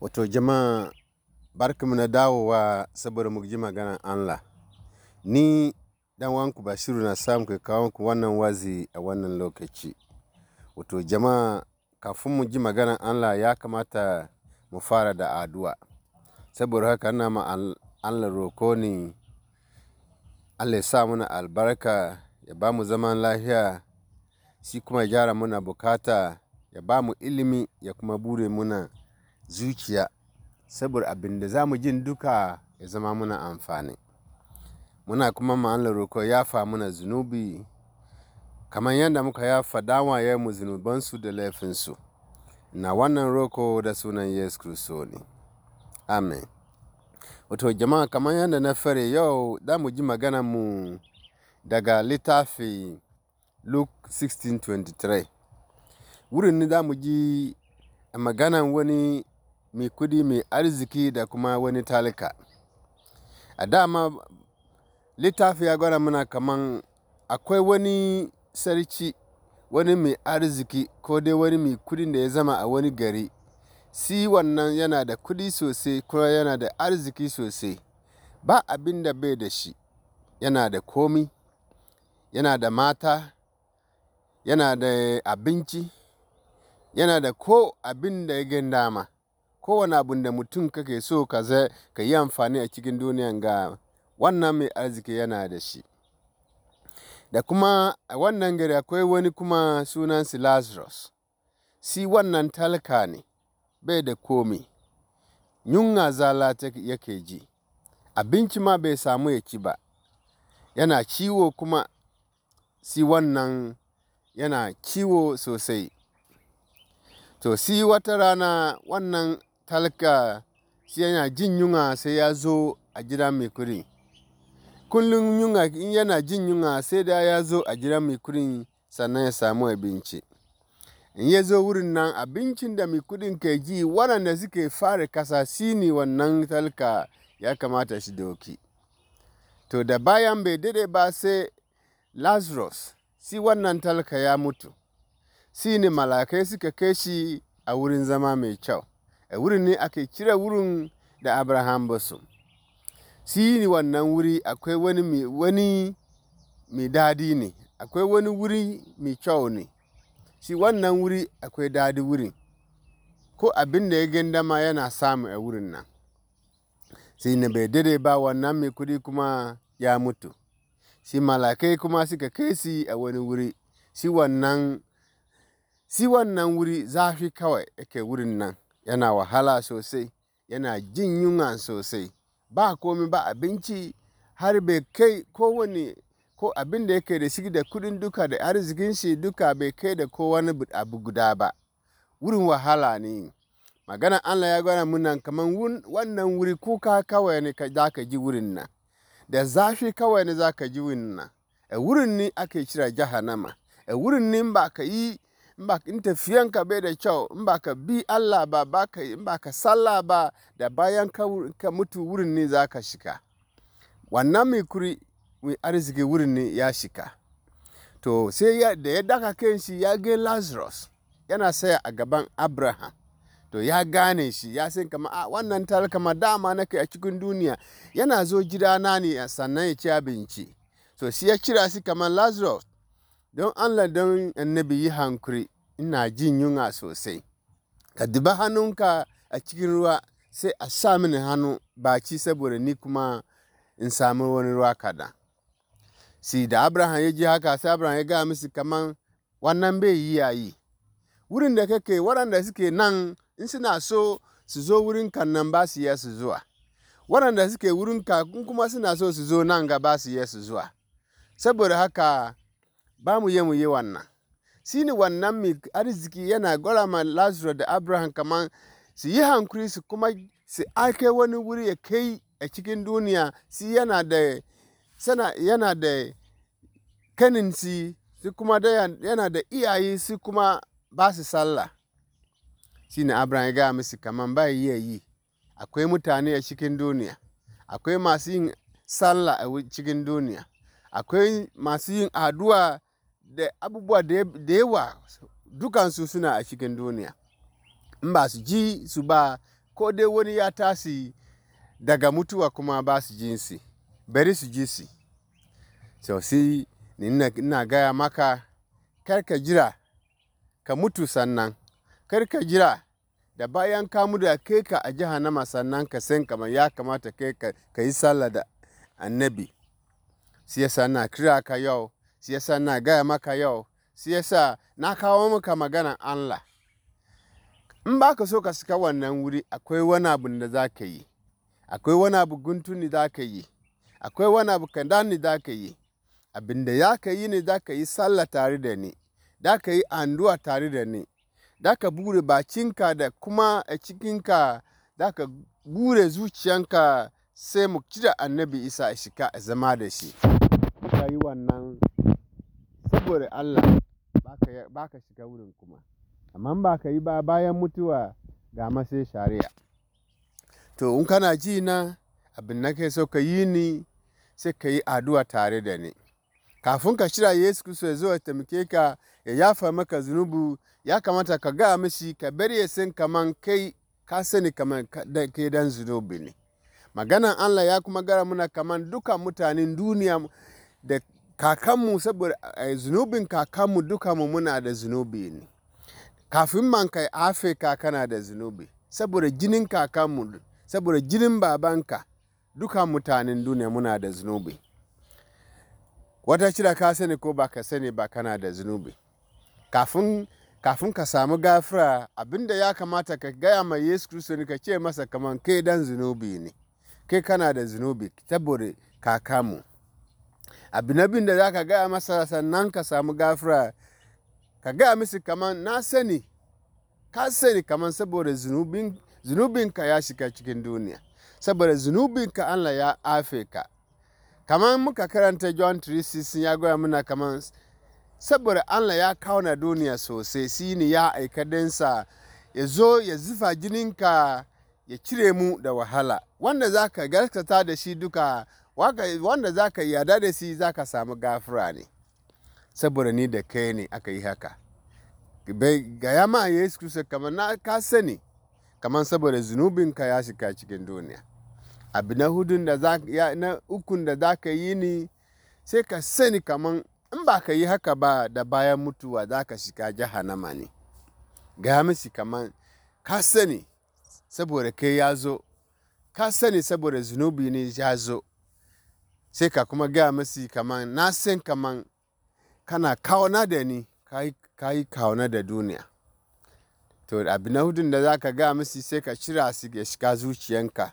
wato jama'a mu na dawowa saboda mu ji magana Allah ni dan wanku Bashiru na samu kai kawo ku wannan wazi a wannan lokaci wato jama'a kafin mu ji magana Allah ya kamata mu fara da addu'a saboda haka ina ma Allah roko ne Allah ya sa muna albarka ya ba mu zaman lafiya shi kuma ya gyara muna bukata ya ba mu ilimi ya kuma bure muna zuciya saboda abin da za mu jin duka ya zama muna amfani muna kuma ma'anar roƙo ya fa muna zunubi kamar yadda muka ya faɗa wa ya mu zunubansu da laifinsu na wannan roko da sunan yesu kristo ne amen wato jama'a kamar yadda na fare yau da mu ji magana mu daga littafi luke 16:23 wurin ni da mu ji maganan wani mai kudi mai arziki da kuma wani talika a dama littafi ya gwada mana kaman akwai wani sarki wani mai arziki ko dai wani mai kudin da ya zama a wani gari si wannan yana da kudi sosai kuma yana da arziki sosai ba abin da bai da shi yana da komi yana da mata yana da abinci yana da ko abin da ya gan dama kowane abin da mutum kake so ka ka yi amfani a cikin duniyan ga wannan mai arziki yana da shi da kuma a wannan gari akwai wani kuma sunan lazarus si wannan talka ne bai da komi yunwa zala yake ji abinci ma bai samu ya ci ba yana ciwo kuma si wannan yana ciwo sosai to si wata rana wannan talka sai yana jin yunwa sai ya zo a gida mai kuri kullum yunwa in yana jin yunwa sai da ya zo a gida mai kuri sannan ya samu abinci in ya zo wurin nan abincin da mai kudin ke ji waɗanda suke fara kasa ne wannan talka ya kamata shi doki to da bayan bai dade ba sai lazarus si wannan talka ya mutu si ne malakai suka kai shi a wurin zama mai kyau wurin ne aka kira wurin da abraham basu ni wannan wuri akwai wani wani mai dadi ne akwai wani wuri mai kyau ne shi wannan wuri akwai dadi wurin ko abin da ya ganda ma yana samu a wurin nan sai na bai dade ba wannan mai kudi kuma ya mutu si malakai kuma suka kai si a wani wuri shi wannan wuri zafi kawai yake wurin nan yana wahala sosai yana jin yunwa sosai ba komi ba abinci har bai kai kowane ko abin da yake da shi da kudin duka da arzikin shi duka bai kai da kowane abu guda ba wurin wahala ne magana allah ya gwada munan kamar wannan wuri kuka kawai ne za ka ji wurin nan da zafi kawai ne za ka ji wurin nan a wurin ne ake kira jahannama a wurin ne ba ka yi in ka bai da kyau in ba ka bi Allah ba ka in ba ka sallah ba da bayan ka, ka mutu wurin ne za ka shiga wannan mai kuri mai arziki wurin ne ya shiga to sai da ya daka kan shi ya ga lazarus yana saya a gaban abraham to ya gane shi ya san kama a ah, wannan ma dama na kai a cikin duniya yana zo gidana ne sannan ya ci abinci to shi ya kira shi kamar lazarus don Allah don annabi yi hankuri ina jin yunwa sosai ka duba hannunka a cikin ruwa sai a sa mini hannu baci saboda ni kuma in sami wani ruwa kada si da abraham ya ji haka sai abraham ya gaya musu kaman wannan bai yi yayi wurin da kake waɗanda suke nan in suna so su zo wurin kan nan ba su su zuwa waɗanda suke wurin ka kuma suna so su zo nan ga ba su su zuwa saboda haka ba mu yi mu yi wannan shi ne wannan mai arziki yana gora ma lazarus da abraham kamar su yi hankuri su kuma su ake wani wuri ya kai a cikin duniya shi yana da sana yana da kanin shi su kuma da yana da iyaye su kuma ba su sallah shi ne abraham ya gaya musu kamar ba yi yi akwai mutane a cikin duniya akwai masu yin sallah a cikin duniya akwai masu yin addu'a da abubuwa da yawa dukansu suna a cikin duniya in ba su ji su ba ko dai wani ya tasi daga mutuwa kuma ba su su bari su ji su sosai si ina gaya maka karka jira ka mutu sannan karka jira da bayan ka mutu a kai ka a jahannama sannan ka san kamar ya kamata kai ka yi sallah da annabi sai yasa na kira ka yau shi yasa na gaya maka yau shi yasa na kawo maka maganan Allah in ba ka so ka suka wannan wuri akwai wani abu da za ka yi akwai wani abu guntun da za ka yi akwai wani abu kanda ne za ka yi abin da ya ka yi ne za ka yi sallah tare da ni da ka yi anduwa tare da ni da ka bure bakinka da kuma a cikinka da ka bure zuciyanka sai mu cire annabi isa a shika a zama da shi ka yi wannan saboda Allah ba ka shiga wurin kuma. Amma ba ka yi ba bayan mutuwa ga masu shari'a. To in kana ji na abin na kai so ka yi ni sai ka yi addu'a tare da ni. Kafin ka shirya Yesu Kiristi ya zo ya taimake ka ya yafa maka zunubu ya kamata ka ga mishi ka bari ya san kaman kai ka sani kaman kai dan zunubi ne. Maganan Allah ya kuma gara muna kaman duka mutanen duniya da kakanmu saboda eh, zunubin kakanmu duka mu muna da zunubi ne kafin man kai afe kana da zunubi saboda jinin kakanmu saboda jinin babanka duka mutanen duniya muna da zunubi wata shida ka sani ko ba ka sani ba kana da zunubi kafin kafin ka samu gafira abinda ya kamata ka gaya mai yesu kristo ne ka ce masa kaman kai dan zunubi ne kai kana da zunubi saboda kakanmu!" abu na bin da za ka gaya masa sannan ka samu gafira ka gaya musu kaman na sani ka sani kaman saboda zunubinka ya shiga cikin duniya saboda zunubinka allah ya afe ka kamar muka karanta john 3:16 ya gaya muna kaman saboda allah ya kawo na duniya sosai shi ne ya aika densa. ya zo ya zufa jininka ya cire mu da wahala wanda za ka gaskata da shi duka wanda za ka yada da shi za ka samu gafura ne saboda ni da kai ne aka yi haka ya ma yesu kusa kamar na ka sani kamar saboda zunubinka ya shiga cikin duniya abu na hudun da za na ukun da za ka yi ni sai ka sani kamar in ba ka yi haka ba da bayan mutuwa za ka shiga jahannama ne ya mishi kamar ka sani saboda kai ya zo ka sani saboda zunubi ne ya zo sai ka kuma gaya masu kaman na san kaman kana kawana da ni ka yi kawana da duniya to abu na hudun da za ka gaya masu sai ka cira su ya shiga zuciyanka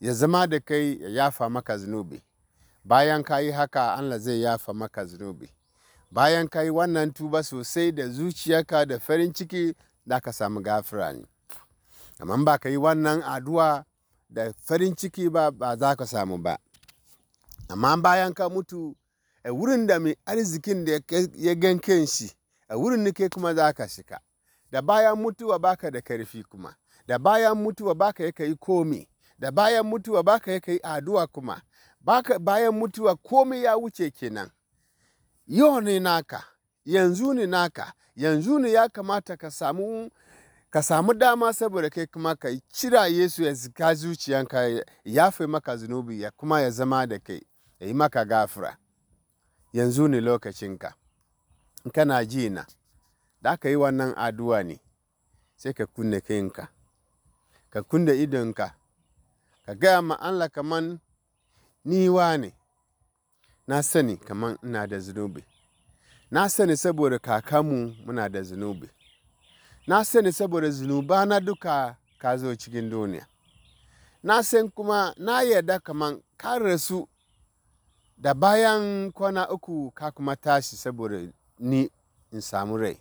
ya zama da kai ya yafa maka zunubi bayan ka yi haka allah zai yafa maka zunubi bayan ka yi wannan tuba sosai da zuciyarka da farin ciki za ka samu gafira ne amma ba ka yi wannan addu'a da farin ciki ba ba za ka samu ba amma bayan ka mutu a wurin da mai arzikin da ya gan kanshi a wurin nake kuma za ka shika da bayan mutuwa baka da karfi kuma da bayan mutuwa baka ya kai komi da bayan mutuwa baka ya kai aduwa kuma baka bayan mutuwa komi ya wuce kenan yau ne naka yanzu ne naka yanzu ne ya kamata ka samu ka samu dama saboda kai kuma ka cira yesu ya zika zuciyanka ya yafe maka zunubi ya kuma ya zama da kai ya yi maka gafura yanzu ne lokacinka in kana ji na da ka yi wannan addu'a ne sai ka kunne kainka ka kunne idonka ka gaya ma Allah kaman ni ne na sani kaman ina da zunubi na sani saboda kakamu muna da zunubi na sani saboda zunuba na duka ka zo cikin duniya na san kuma na yarda kaman ka rasu da bayan kwana uku ka kuma tashi saboda ni in samu rai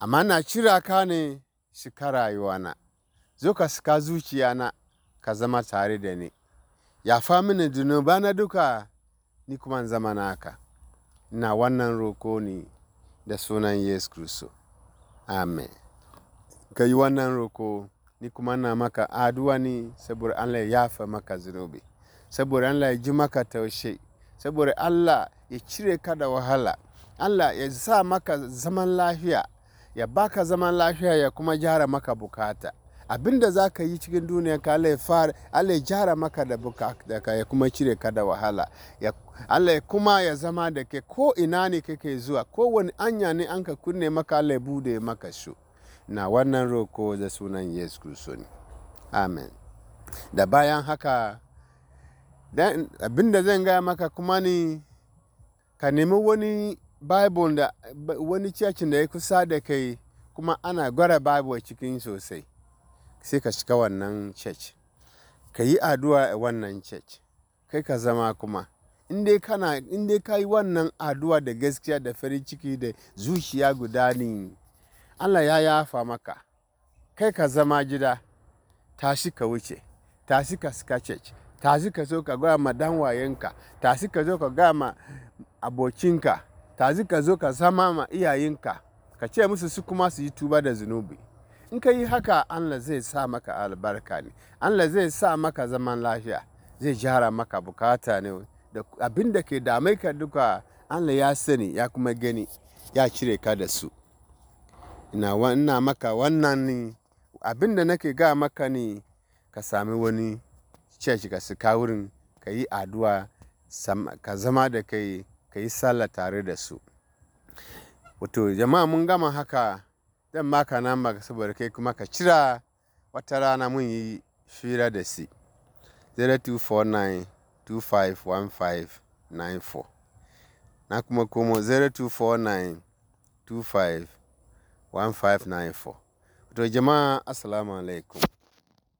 amma na cira ka ne shika rayuwana zo ka zuciya zuciyana ka zama tare da ni yafa mini na duka ni kuma zama naka na wannan roko ne da sunan yesu kristo amen ka yi wannan roko ni kuma na maka aduwa ne saboda allah ya fa maka zunubi saboda Allah ya ji maka taushe saboda Allah ya cire ka da wahala Allah ya sa maka zaman lafiya ya baka zaman lafiya ya kuma gyara maka bukata abinda za ka yi cikin duniya ka Allah fara Allah ya gyara maka da bukata ya kuma cire ka da wahala Allah ya kuma ya zama da ke ko ina ne kake zuwa ko wani anya ne an ka kunne maka Allah ya bude maka su na wannan roko da sunan Yesu Kristo amen da bayan haka abin da zan gaya maka kuma ne ka nemi wani bible da wani cikin da ya kusa da kai kuma ana gwara bible cikin sosai sai ka shiga wannan church ka yi addu'a a wannan church kai ka zama kuma in ka yi wannan addu'a da gaskiya da farin ciki da zuciya guda ne allah ya yafa maka kai ka zama gida tashi ka wuce tashi ka suka church tashi ka zo ka gaya ma danwayenka, wayenka ka zo ka gaya ma abokinka tashi ka zo ka sama ma iyayenka ka ce musu su kuma su yi tuba da zunubi in ka yi haka allah zai sa maka albarka ne allah zai sa maka zaman lafiya zai jara maka bukata ne da abin da ke damai ka duka allah ya sani ya kuma gani ya cire ka da su ina maka wannan ne abin da nake ga maka ne ka sami wani church ka sika wurin ka yi addu'a ka zama da kai ka yi sallah tare da su wato jama'a mun gama haka zan maka namba saboda kai kuma ka cira wata rana mun yi shira da si 0249251594 na kuma komo 0249251594 wato jama'a assalamu alaikum